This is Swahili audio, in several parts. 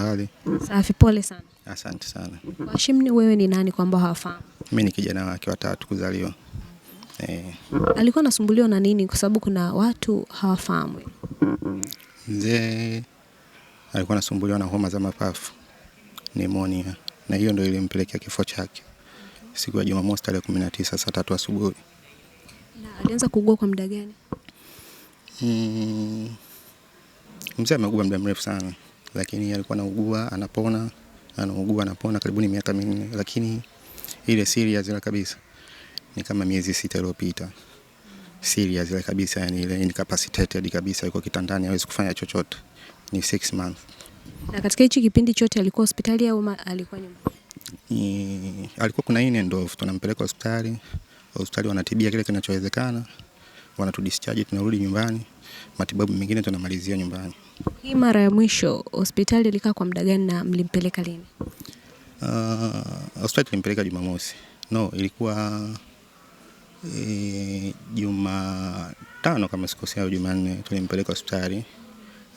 hali? Safi, pole sana. Asante sana. ni wewe ni nani kwamba hawafahamu? Mimi ni kijana wake watatu kuzaliwa. E. Alikuwa anasumbuliwa na nini kwa sababu kuna watu hawafahamu? Mzee alikuwa anasumbuliwa na homa za mapafu, pneumonia, na hiyo ndio ilimpelekea kifo chake siku ya Jumamosi tarehe kumi na tisa saa tatu asubuhi. Na alianza kuugua kwa muda gani? Mm, mzee ameugua muda mrefu sana lakini alikuwa anaugua anapona, anaugua anapona, karibuni miaka minne, lakini ile serious ile kabisa ni kama miezi sita iliyopita. Serious ile kabisa, yani ile incapacitated kabisa, yuko kitandani, hawezi kufanya chochote, ni six months. Na katika hichi kipindi chote alikuwa hospitali au alikuwa nyumbani? Alikuwa kuna ine ndovu, tunampeleka hospitali, hospitali wanatibia kile kinachowezekana discharge tunarudi nyumbani, matibabu mengine tunamalizia nyumbani. Hii mara ya mwisho hospitali ilikaa kwa muda gani na mlimpeleka lini? Uh, hospitali tulimpeleka Jumamosi. No, ilikuwa e, eh, tano kama sikosea au Jumanne tulimpeleka hospitali,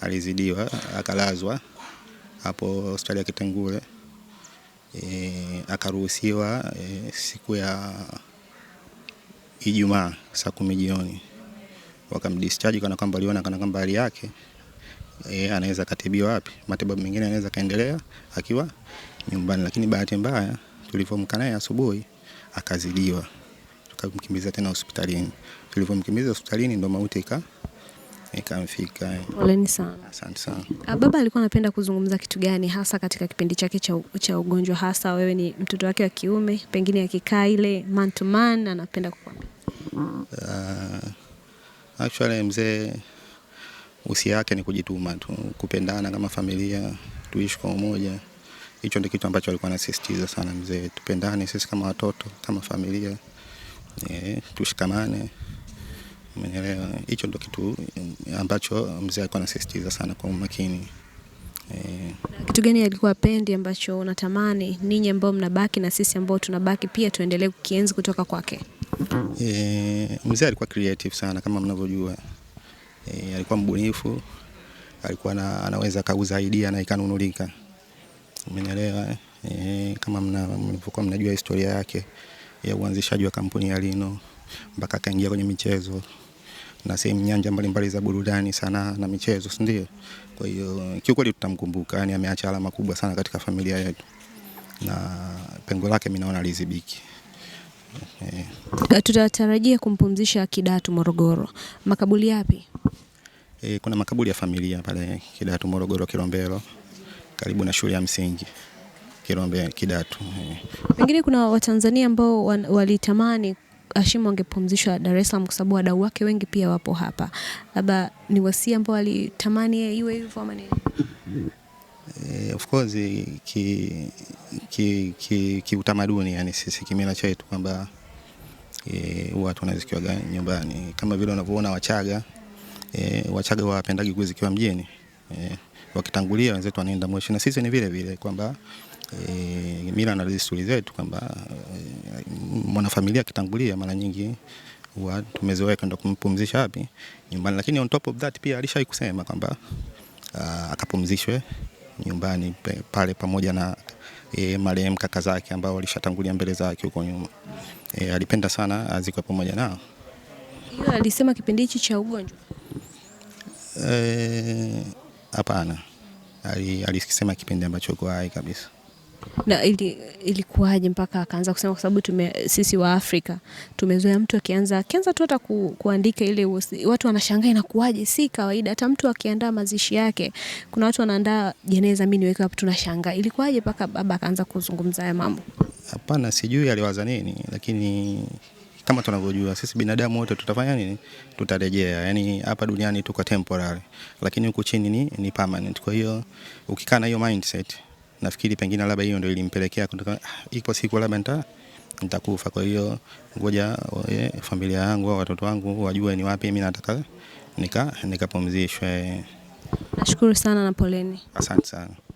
alizidiwa akalazwa hapo hospitali ya Kitengule. E, akaruhusiwa e, siku ya Ijumaa saa kumi jioni wakamdischarge kana kwamba aliona kana kwamba hali yake e, anaweza katibiwa wapi, matibabu mengine anaweza kaendelea akiwa nyumbani, lakini bahati mbaya tulivyoamka naye asubuhi akazidiwa, tukamkimbiza tena hospitalini. Tulivyomkimbiza hospitalini ndo mauti ika ikamfika. Poleni sana. Asante sana. Ah, baba alikuwa anapenda kuzungumza kitu gani hasa katika kipindi chake cha, cha ugonjwa, hasa wewe ni mtoto wake wa kiume, pengine akikaa ile man to man anapenda kukwambia? Uh, Actually mzee usia yake ni kujituma tu, kupendana kama familia, tuishi kwa umoja. Hicho ndio kitu ambacho alikuwa anasisitiza sana mzee, tupendane sisi kama watoto, kama familia e, tushikamane. Umeelewa? Hicho ndio kitu ambacho mzee alikuwa anasisitiza sana kwa umakini. E, kitu gani alikuwa pendi ambacho unatamani ninyi ambao mnabaki na sisi ambao tunabaki pia tuendelee kukienzi kutoka kwake? E, mzee alikuwa creative sana kama mnavyojua. E, alikuwa mbunifu, alikuwa na, anaweza kauza idea na ikanunulika. Umenielewa? E, kama mnavyokuwa mnajua historia yake ya uanzishaji wa kampuni ya Lino mpaka akaingia kwenye michezo na sehemu nyanja mbalimbali za burudani, sanaa na michezo, si ndio? Kwa hiyo kiukweli tutamkumbuka, yani ameacha alama kubwa sana katika familia yetu na pengo lake mimi naona lizibiki. E, tutatarajia kumpumzisha Kidatu Morogoro. Makaburi yapi? E, kuna makaburi ya familia pale Kidatu Morogoro Kilombero karibu na shule ya msingi Kirombe Kidatu. Eh. Pengine e, kuna Watanzania ambao walitamani Ashim angepumzishwa Dar es Salaam kwa sababu wadau wake wengi pia wapo hapa, labda ni wasia ambao walitamani iwe hivyo ama nini? eh, of course ki ki, ki, ki utamaduni yani sisi kimila chetu kwamba eh, huwa e, tunazikiwa nyumbani kama vile unavyoona Wachaga eh, Wachaga wapendagi kuzikiwa mjini eh, wakitangulia wenzetu wanaenda mwisho, na sisi ni vile vile kwamba eh, mila na desturi zetu kwamba eh, mwanafamilia akitangulia mara nyingi huwa tumezoeka ndo kumpumzisha wapi nyumbani, lakini on top of that pia alishai kusema kwamba ah, akapumzishwe nyumbani pale pamoja na e, marehemu kaka zake ambao walishatangulia mbele zake huko nyuma. E, alipenda sana azikwe pamoja nao. Hiyo alisema kipindi hichi cha ugonjwa? E, hapana. E, alisema kipindi ambacho uko hai kabisa. Na ili, ilikuwaje mpaka akaanza kusema? Kwa sababu sisi wa Afrika tumezoea mtu akianza kianza tu hata ku, kuandika ile watu wanashangaa inakuwaje, si kawaida. Hata mtu akiandaa mazishi yake, kuna watu wanaandaa jeneza, mimi niweke hapo, tunashangaa ilikuwaje mpaka baba akaanza kuzungumza haya mambo. Hapana, sijui aliwaza nini, lakini kama tunavyojua sisi binadamu wote tutafanya nini? Tutarejea. Yani hapa duniani tuko temporary, lakini huku chini ni, ni permanent. Kwa hiyo ukikaa na hiyo mindset nafikiri pengine labda hiyo ndio ilimpelekea kutoka, ah, ipo siku labda nita nitakufa, kwa hiyo ngoja eh, familia yangu au watoto wangu wajue ni wapi mimi nataka nikapumzishwe. nashukuru sana na poleni, asante sana.